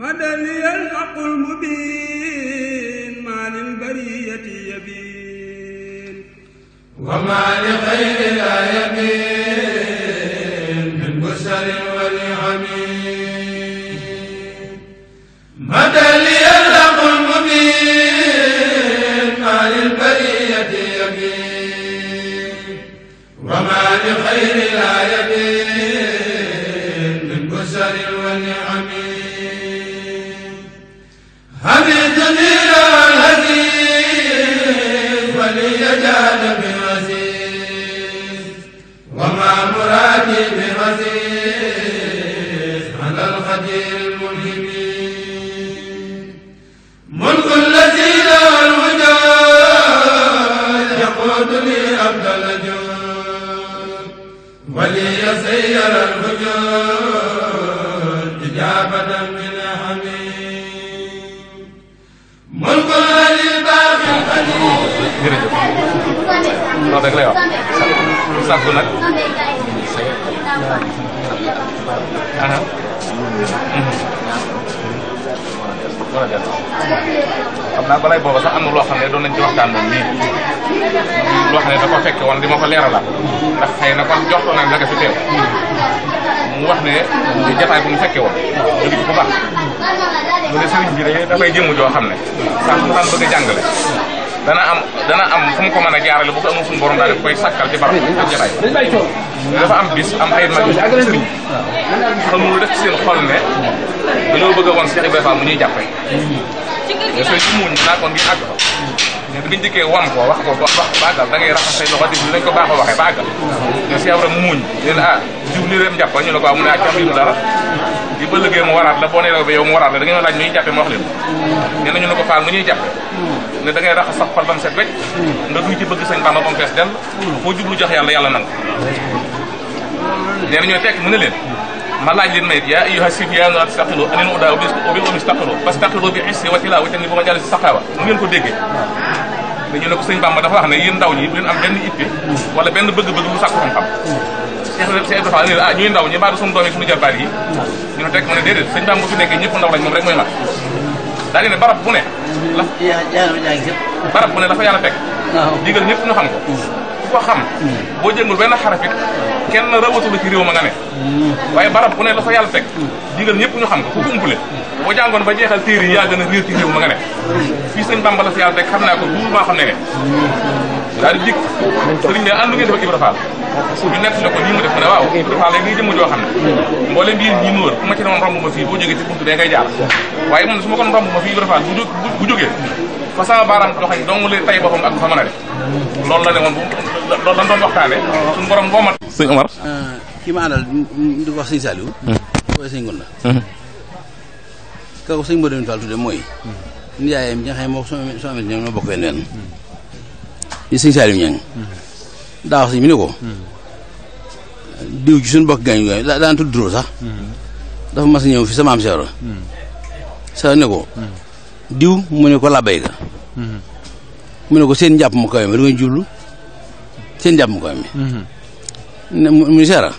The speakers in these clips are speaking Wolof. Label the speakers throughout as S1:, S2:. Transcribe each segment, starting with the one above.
S1: madani alxaqul mubin ma lil bariyati yabin wa ma li xayri la yabin min busarin wa niamin أبدل الجود ولي سير الوجود إجابة من حميد ملك الذي باقي
S2: الحديد mën a xam naa balay booba sax am loo xam ne doon nañ ci waxtaan moom nii loo xam ne da ko fekke woon di ma ko leeralaat ndax xëy na kon na naa naka fi teew mu wax ne jataay bu ñu fekke woon ñu ngi ko xam ne saa su dana am dana am fu ko mën a jaarale bu ko amul suñu borom daal di koy sàkkal ci barab ak jataay dafa am bis am ay mag yu sëriñ xamul def ci seen xol ne bëgg a woon Cheikh Ibrahima mu ñuy jàppee. te sooy ci muñ naa ko ngir àgg fa. mais biñ dikkee wan da ñu ne ko ah, ah la boo nee ba yow mu la da ngeen laaj mu ma wax leen nee na ñu ne ko faal mu ñuy jàppee ne da ngay raxas sax par bam set wecc nga duy ci bëgg sëñ Bamba ba mu fees dell foo jublu jox yàlla yàlla nangu nee na ñooy mu ne leen ma laaj leen mayit yaa ayyuha sibyaanu astaqilu anil udaa bil umi staqilu fastaqilu bi issi wa tilaa wa tani bu ma jàll si saqaawa mu ngeen ko déggee dañu ne ko sëñ Bamba dafa wax ne yéen ndaw ñi bu leen am benn itte wala benn bëgg-bëgg bu sàkku xam-xam Cheikh Ibra Fall ne ah ñuy ndaw ñi baadu suñu doom yi suñu jarbaat yi ñu ne teg mu ne déedéet sëñ Bamba bu fi nekkee ñëpp ndaw lañ moom rek mooy mag daa di ne barab bu ne la barab bu ne la fa yàlla fekk digal ñëpp ñu xam ko mm. ku ko xam boo jëngul benn xarafit kenn rawatu la ci réew ma nga ne waaye barab bu ne la fa yàlla teg digal ñëpp ñu xam ko ku ko umpule boo jàngoon ba jeexal téere yi yaa gën a réer ci réew ma nga ne fii sëñ Bamba la fa yàlla teg xam naa ko duur maa xam ne ne daal di dikk sëriñ bi ànd ngeen def ak Ibra Fall ñu nekk la ko nii mu def mu ne waaw Ibra Fall xam ne mboolem bii ñi ma ci doon romb ma fii boo jógee ci buntu dee ngay jaar waaye moom su ma kon romb ma fii Ibra Fall bu jógee fa sama baaraam doxee dong lay tay boppam ak fa la ne woon bu loolu lañ doon waxtaane suñu borom boo mat sëñ Omar
S3: euh, kii ma àndal di ko wax sëñ Saliou koy sëñ Ngounda kooku sëñ Mbodou Fall tudde mooy moo bokk wenn wenn di sëñ Saliou ñang daa wax sëñ ni ko diw ci suñu bokk gañ gañ daan tudd sax dafa mas ñëw fi sama seero sa ne ko diw mu ne ko labay ga mhm. mu ne ko seen njàpp mu kawe mi lu ngeen jublu seen njàpp mu kawe mi mhm. ne mu seera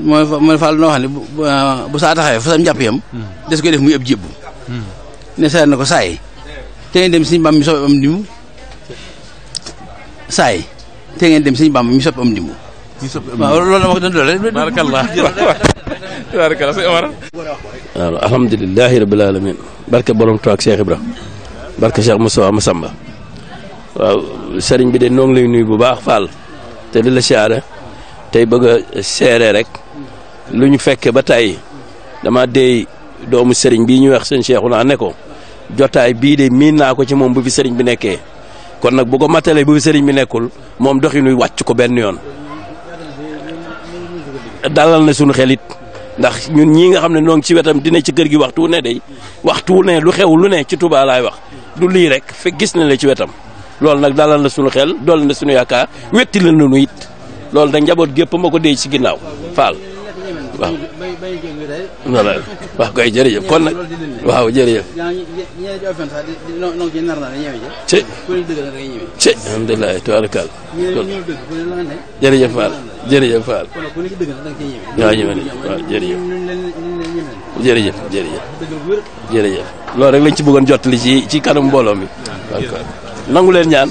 S3: mooy mooy Fall noo xam ne bu saa taxawee fa sam njàpp yam mhm. des koy def muy ab jébbu ne seer na ko saay te ngeen dem siñ bam mi sopp am ndimbu saay te ngeen dem siñ bam mi sopp am ndimbu waaw loolu la ma ko doon alamin barke borom toog Cheikh Ibra barke Cheikh Moussa Massamba waaw sëriñ bi de noo ngi lay nuyu bu baax Fall te di la siyaare tey bëgg a seere rek lu ñu fekke ba tey dama dey doomu sëriñ bii ñu weex seen Cheikhu naa ne ko jotaay bii de miin naa ko ci moom bu fi sëriñ bi nekkee kon nag bu ko matalee bu fi sëriñ bi nekkul moom doxinu wàcc ko benn yoon dalal na sunu xelit ndax ñun ñii nga xam ne noonu ci wetam dina ci kër gi waxtu wu ne day waxtu wu ne lu xew lu ne ci tubaa laay wax du lii rek fekk gis na la ci wetam loolu nag dalal na suñu xel dool na suñu yaakaar wetti la nunu it loolu da njaboot gépp ma ko dee ci ginnaaw faal waaw voilà waaw kay jërëjëf kon nag waaw jërëjëf. ci ci alhamdulilah tubaarakaal jërëjëf Fall jërëjëf Fall waaw ñëw nañu waaw loolu rek lañ ci bëggoon jottali ci ci kanam mbooloo mi nangu leen ñaan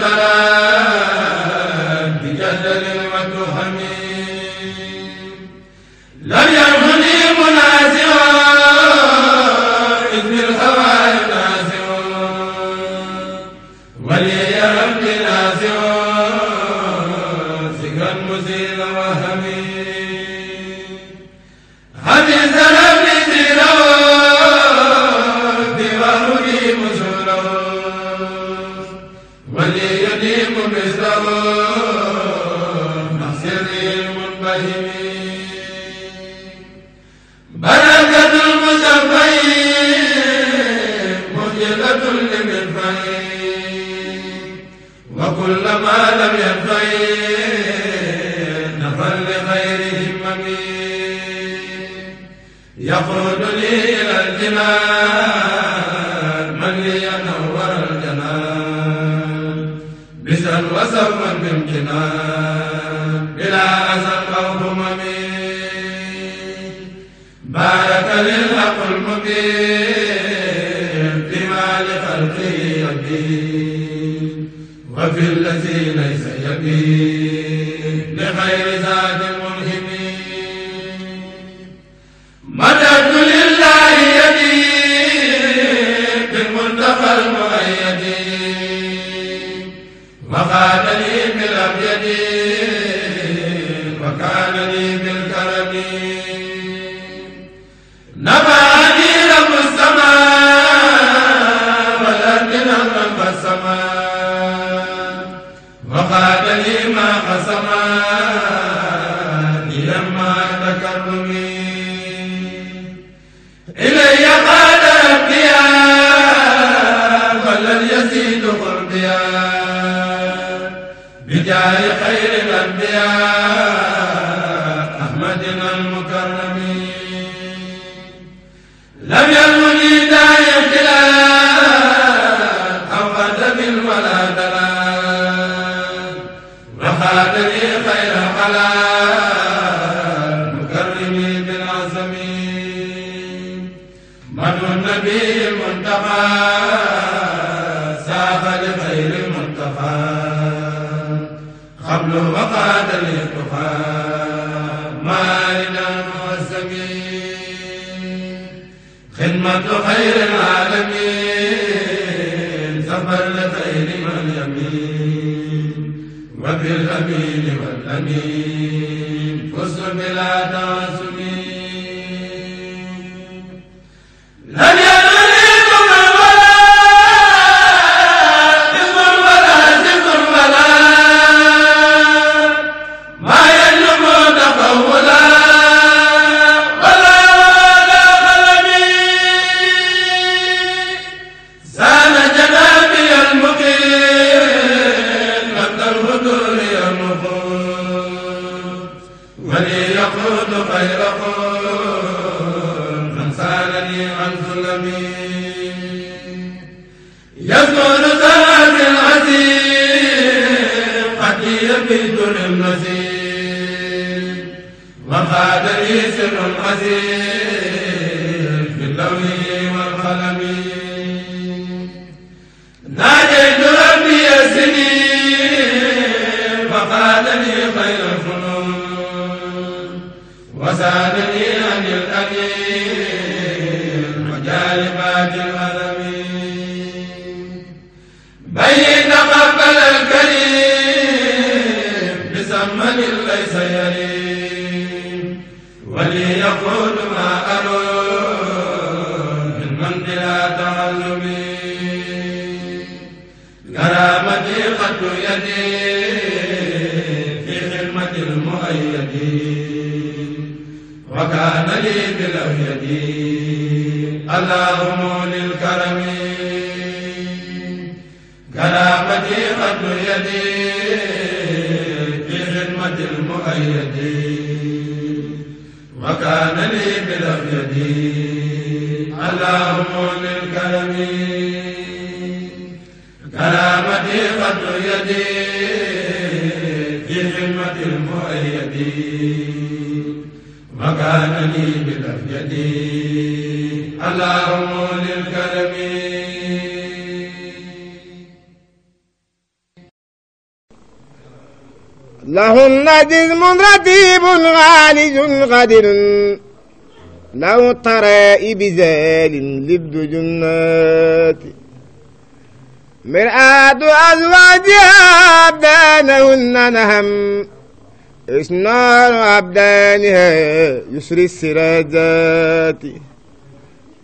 S1: ترى يقود لي إلى الجنان من لينور الجنان بسر وسرا بالجنان بلا أزل أو همم بارك للحق المبين
S2: لما لخلقه
S1: يبين وفي الذي ليس يبين sama xidmatu xayril aalamiin safar la xayri man yamiin wa bil amiin wal amiin بالدر النسيب وقاد لي سر عزيز
S2: وكان لي بلوحيتي
S1: اللهم للكرم كرامتي قد يدي في خدمة المؤيد وكان لي بلوحيتي اللهم للكرم كرامتي قد يدي في خدمة المؤيد وكان لي بلفيتي اللهم للكرم
S4: له نجم رتيب غالج غدر له الطرائب زال لبد جنات مرآة أزواجها بانهن نهم إسنان عبدانها يسري السراجات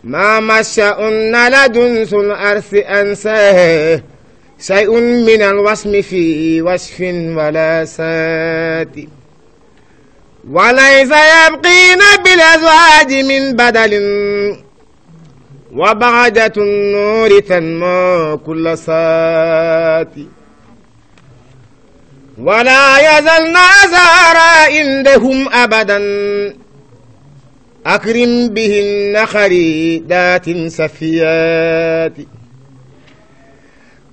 S4: ما مشأن لدنس الأرث أنساه شيء من الوصم في وصف ولا سات وليس يبقين بالأزواج من بدل وبعدة النور تنمو كل صات ولا يزلن أزارا عندهم أبدا أكرم بهن خريدات سفيات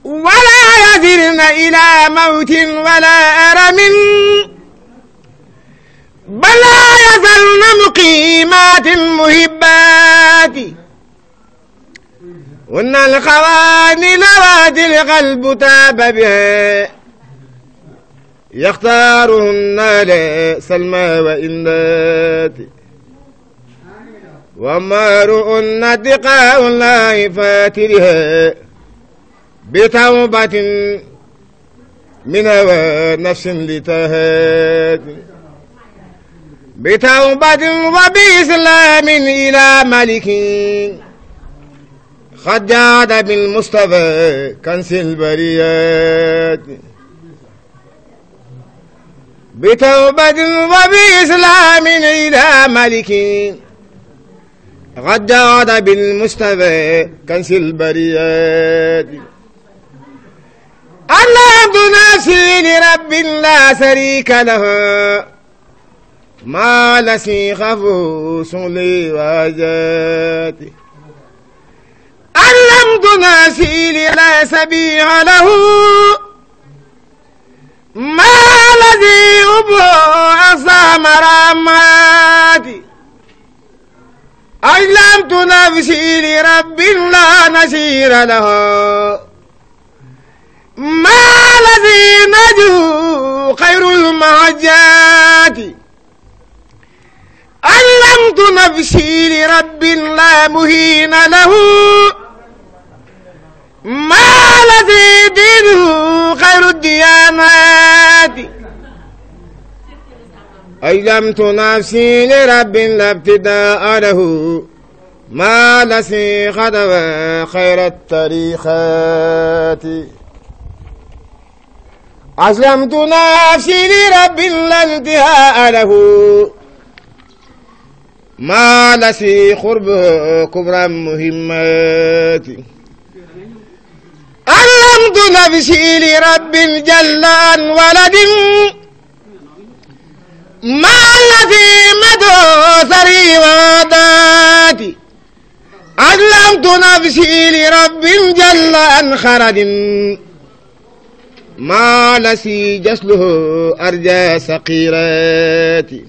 S4: ولا يزرن إلى موت ولا أرم بل لا يزلن مقيمات مهبات وإن الخوان لواد القلب تاب بها يختارهن لسلمى وإمداد ومارؤن تقاء الله فاترها بتوبة من هوى نفس لتهاد بتوبة وبإسلام إلى ملك قد جاد بالمصطفى كنس البريات بتوبة وبإسلام إلى ملك قد جاد بالمصطفى كنس البريات العبد نفسي لرب لا شريك له ما لسي خفوس لي وجاتي العبد نفسي لا سبيح له maa la di ubbo asamaraamaati ajlamtu nafsi li rabbin la nasiira lahu maa la di naju xayrul mahajjaati ajlamtu nafsi li rabbin la muhiina lahu ما الذي دينه خير الديانات أيلمت نفسي لرب لا ابتداء له ما لسي خدوى خير التاريخات أسلمت نفسي لرب لا انتهاء له ما لسي خربه كبرى مهمات علمت نفسي لرب جل عن ولد ما الذي مدعو ثري وعداتي علمت نفسي لرب جل عن خرد ما لسي جسله أرجى سقيراتي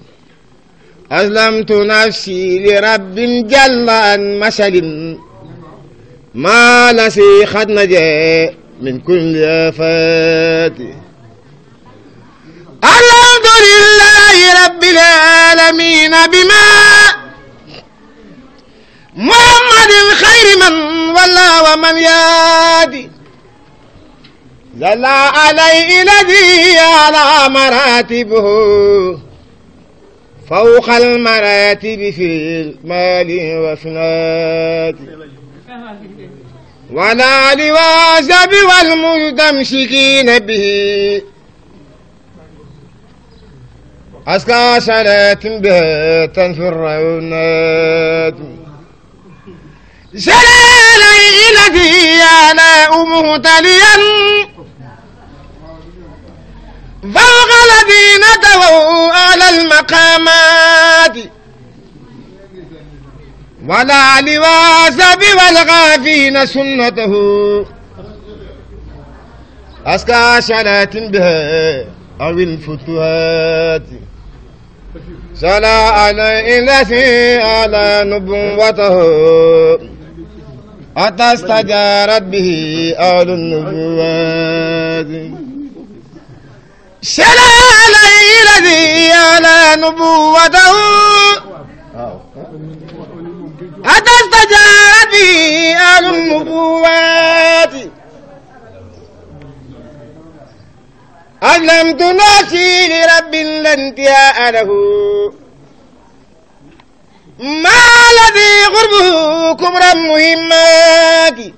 S4: أسلمت نفسي لرب جل عن مشد ما لسي قد نجا من كل آفات الحمد لله رب العالمين بما محمد خير من ولا ومن يادي زل عليه الذي على مراتبه فوق المراتب في المال وفي ولا لوازب والمستمسكين به أسكى صلاة به تنفر النات
S1: سلا ليلتي أنا مهتليا
S4: فوق الذين تبوا على المقامات ولا لواس والغافين سنته أسكى شلات بها أو الفتوات صلى على الذي على نبوته أتى استجارت به أهل النبوات صلى على الذي على نبوته أتستجار به أهل النبوات أسلمت نفسي لرب لا انتهاء له ما الذي قربه كبرى مهمات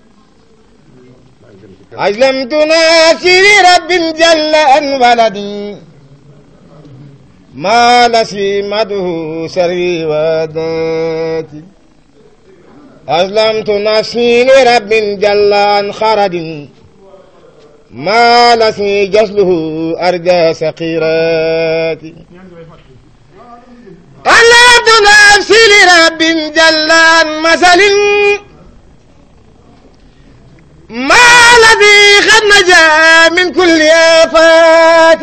S4: أسلمت نفسي لرب جل أن ولدي ما لسيمته سري وذاتي أسلمت نفسي لرب جل عن خرد ما لسي جسله أرجى سقيراتي أسلمت نفسي لرب جل عن مثل ما الذي قد نجا من كل آفات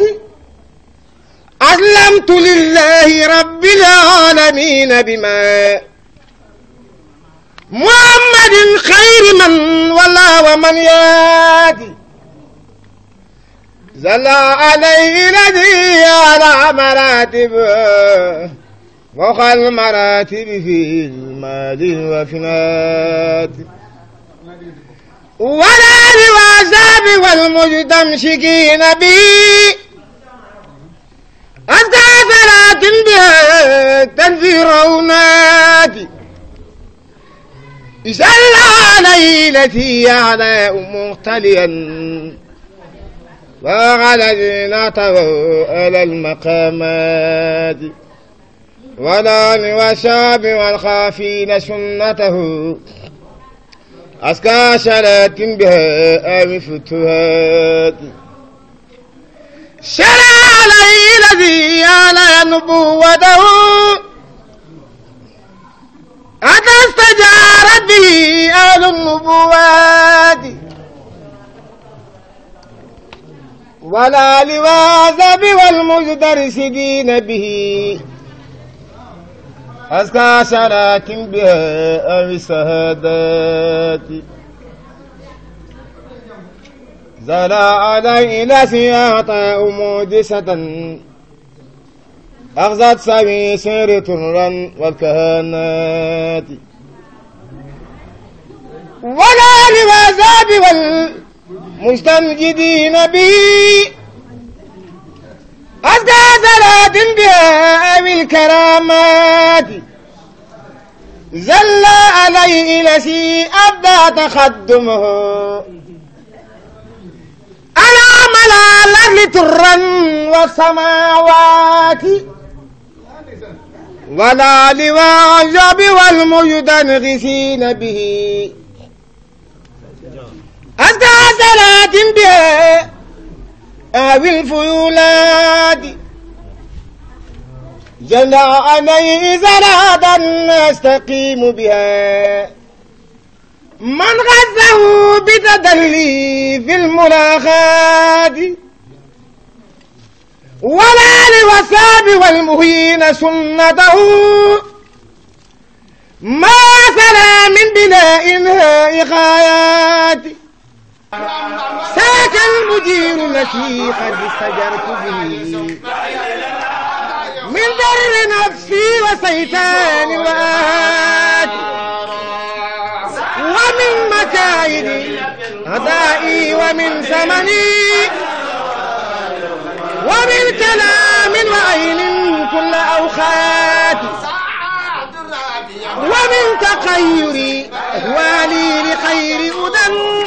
S4: أسلمت لله رب العالمين بما محمد خير من ولا ومن ياتي زلا عليه الذي على مراتب فوق المراتب في الماضي وفي الماتب ولا للعذاب والمستمسكين به أتى صلاة بها تنفير أوناتي سلان التي يعنى مغتليا وعلى النطر على المقامات والآن والشعب والخافين سنته أسكى شرات بها أم فتهات شرع عليه الذي يعلى نبوته متى استجارت به أهل النبوات ولا لواذب والمجدرسدين به أزكى شراك بها أو السهادات زلا علي إلى سياطة أمودسة أخذت سبيسير تنرا والكهانات
S1: ولا للعذاب
S4: والمستنجدين به أزكى ثلاث بها أو الكرامات زل عليه لسي أبدى تخدمه أنا ملا لغل ترا والسماوات ولا لواعجب والمجدنغسين به أزكى صلاة بها أو الفيولاد جل عليه زرادا نستقيم بها من غزه بتدلي في الملاخات والآل والصحب والمهين سنته ما سلا من بلا إنهاء غاياتي ساك المدير التي قد استجرت به
S1: من در
S4: نفسي وسيتان وآتي ومن مكائد أدائي ومن ثمني ومن كلام وعين كل أوخات ومن تغير أهوالي لخير أدن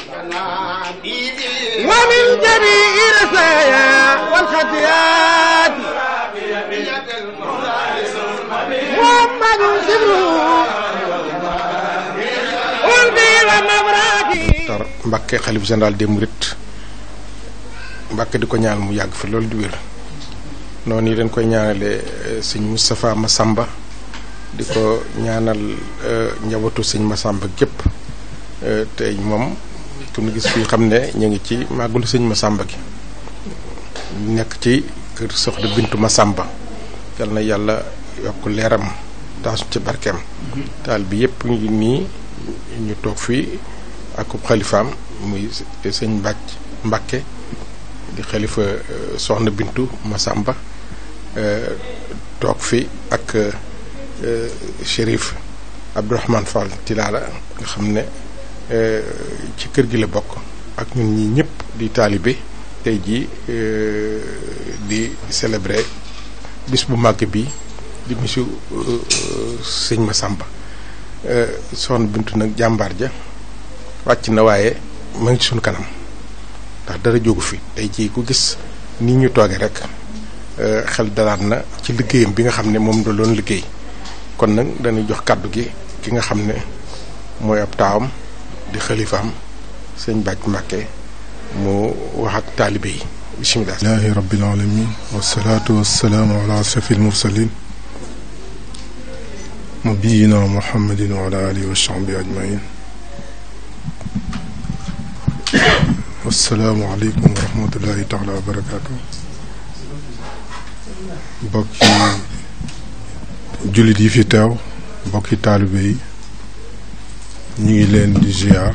S4: ومن جميع رسايا والخطيات
S1: محمد سره قلبي
S5: ومبراتي مبكي خليف جنرال دي مريد Mbàkke di ko ñaan mu yàgg fi loolu di wér noonu yi dañ koy ñaanale eh, sëñ Moustapha sàmba di ko ñaanal eh, njabootu sëñ Massamba gépp eh, tey moom ku ñu gis fii xam ne ñu ngi ci màggalu sëñ Massamba gi nekk ci kër soxna Bintu Massamba jal na yàlla yokk leeram taasu ci barkeem taal bi yëpp ngi nii ñu toog fii ak xalifaam muy sëñ Mbàcc Mbàkke di xalifa euh, soxna Bintu Masamba euh, toog fi ak euh, Chérif Abdourahmane Fall Tilala nga xam ne ci kër gi la bokk ak ñun ñi ñëpp di taalibe tey jii di célébrer bis bu màgg bi di bisu sëñ Masamba soxna Bintu nag jàmbaar ja wàcc na waaye ma ci suñu kanam ndax dara jógu fi tey ci ku gis ni ñu toogee rek euh, xel dalaat na ci liggéeyam bi nga xam ne moom da loon liggéey kon nag dañuy jox kàddu gi ki nga xam ne mooy ab taawam di xalifaam sëñ Bàcc Mbàkke mu wax ak taalibe yi bisimilah laahi rabbil alamin wasalaatu wasalaamu ala asrafi almursalin nabiyina muhammadin asalaamualeykum wa rahmatullahi taala wa barakaatu bokki jullit yi fi teew bokki taalibe yi ñu ngi leen di ziar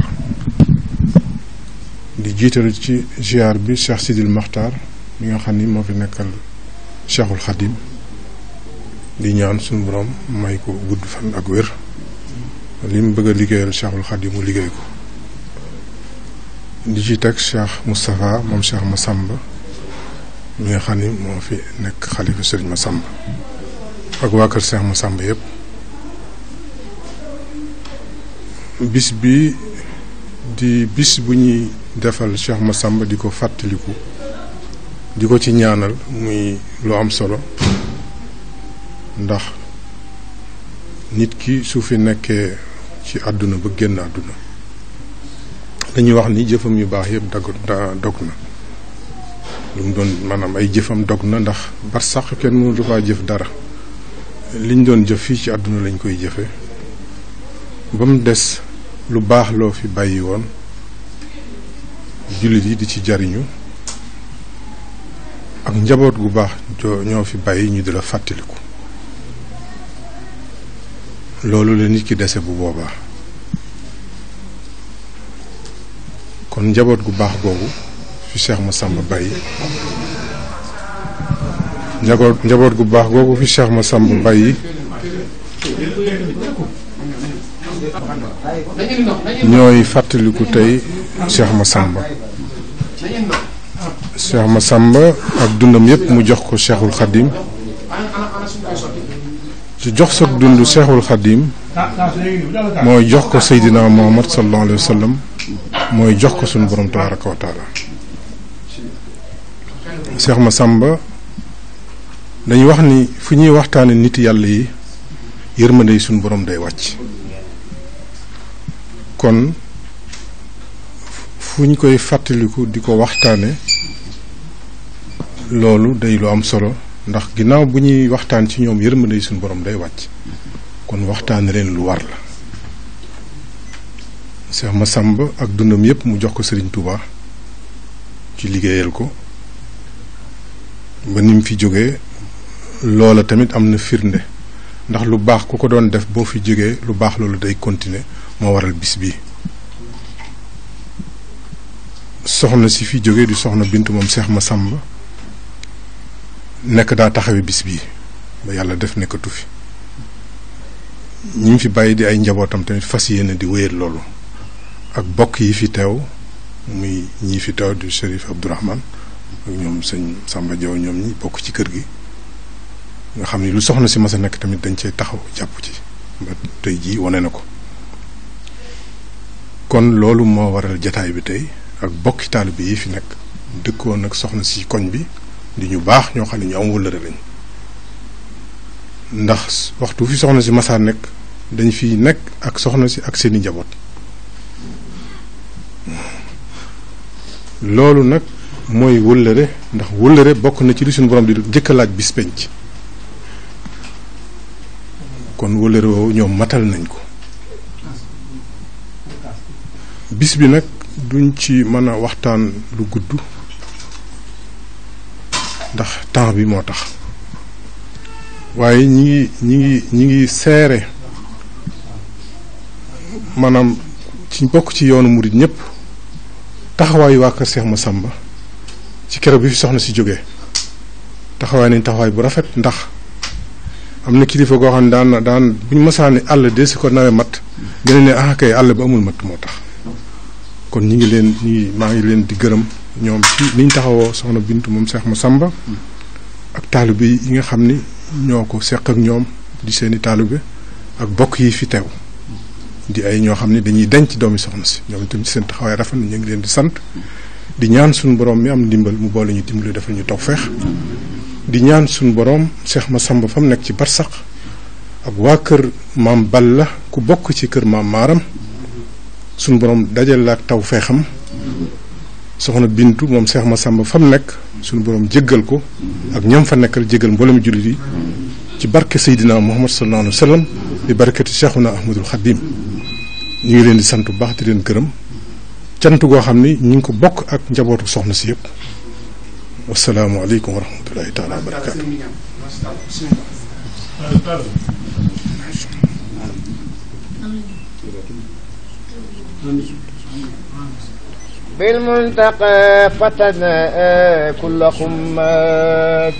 S5: di jiital ci ziar bi Cheikh Sidil Maxtaar mi nga xam ni moo fi nekkal Cheikhul Xadim di ñaan suñu borom may ko gudd fan ak wér li mu bëgg a liggéeyal Cheikhul Xadim mu liggéey ko di ci teg Cheikh Moustapha moom Cheikh ma sàmba nga xam moo fi nekk xalifa sëriñ Massamba ak waa kër Cheikh Massamba yépp bis bi di bis bu ñuy defal ma Massamba di ko fàttaliku di ko ci ñaanal muy lu am solo ndax nit ki su fi nekkee ci àdduna ba génn àdduna dañuy wax ni jëfam yu baax yëpp dagg dog na lu mu doon maanaam ay jëfam dog na ndax bar sax kenn mënatu faa jëf dara liñ doon jëf fii ci àdduna lañ koy jëfe ba mu des lu baax loo fi bàyyi woon jullit yi di ci jariñu ak njaboot gu baax ñoo fi bàyyi ñu di la fàttaliku loolu la nit ki dese bu boobaa njaboot gu baax googu fi Cheikh Massamba bàyyi njaboot gu baax googu fi Cheikh Massamba bàyyi ñooy fàttaliku tey Cheikh Massamba Cheikh Massamba ak dundam yépp mu jox ko Cheikhul Khadim ci jox sa dund Cheikhul Khadim mooy jox ko seydinaa Muhammad sallallahu alayhi mooy jox ko suñu borom tabaraka wa taala Cheikh Massamba dañuy wax ni fu ñuy waxtaane nit yàlla yi yërmande yi suñu borom day wàcc kon fu ñu koy fàttaliku di ko waxtaane loolu day lu am solo ndax ginnaaw bu ñuy waxtaan ci ñoom yërmande yi suñu borom day wàcc kon waxtaane leen lu war la Cheikh sàmb ak dundam yépp mu jox ko Serigne Touba ci liggéeyal ko ba ni mu fi jógee loola tamit am na firnde ndax lu baax ku ko doon def boo fi jógee lu baax loolu day continuer moo waral bis bi soxna si fi jógee di soxna Bintu moom ma Massamba nekk daa taxawe bis bi ba yàlla def nekkatu fi ñi mu fi bàyyi di ay njabootam tamit fas yéene di wéyal loolu ak bokk yi fi teew muy ñi fi teew du Chérif Abdourahmane ak ñoom sëñ Samba jaw ñoom ñi bokk ci kër gi nga xam ni lu soxna si mas nekk tamit dañ cee taxaw jàpp ci ba tey jii wone na ko kon loolu moo waral jataay bi tey ak bokki taalibe yi fi nekk dëkkoon ak soxna si koñ bi di ñu baax ñoo xam ne ñu am wëllëre lañ ndax waxtu fi soxna si masaa nekk dañ fiy nekk ak soxna si ak seeni njaboot loolu nag mooy wëllëre ndax wëllëre bokk na ci li suñu borom di jëkk laaj bis penc kon wëllëre woowu ñoom matal nañ ko bis bi nag duñ ci mën a waxtaan lu gudd ndax temps bi moo tax waaye ñi ngi ñi ngi ñi ngi seere maanaam ci bokk ci yoonu murit ñëpp taxawaayu waa seex ma Massamba ci keroog bi fi soxna si jóge taxawaay nañ taxawaay bu rafet ndax am na kilifa goo xam ne daan na daan bu ñu masaani àll de si ko nawee mat dina ne ah kay àll ba amul mat moo tax kon ñi ngi leen ñi maa ngi leen di gërëm ñoom ci niñ taxawoo soxna Bintu moom Cheikh Massamba ak taalibe yi nga xam ni ñoo ko seq ak ñoom di seeni taalibe ak bokk yi fi teew di ay ñoo xam ne dañuy denc doomi soxna si ñoom itam ci seen taxawaay rafet na ñu ngi leen di sant di ñaan suñu boroom mi am ndimbal mu boole ñu dimbali dafa ñu tawfeex di ñaan suñu boroom Cheikh ma fa mu nekk ci barsax ak waa kër maam Balla ku bokk ci kër maam Maaram suñu borom dajal la ak tawfeexam soxna Bintu moom Cheikh Massamba fa mu nekk suñu borom jéggal ko ak ñam fa nekkal jéggal mboolem jullit yi ci barke Seydina Muhammad sallallahu alayhi wa sallam bi barakati Cheikhuna Ahmadul Xadim ñu ngi leen di sant bu baax di leen gërëm cant goo xam ni ñu ngi ko bokk ak njabootu soxna si yëpp wasalaamualeykum wa rahmatulahi taala wa barakaatu.
S4: بالمنتقى فتنا كل خمات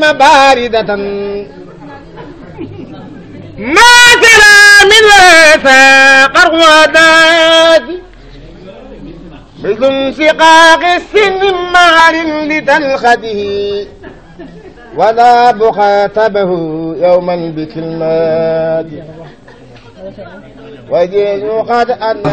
S4: بغداد نافلة من فاقر وداد مثل انسقاق السن مع لتلخده ولا مخاطبه يوما بكلمات
S1: وجئت قد أن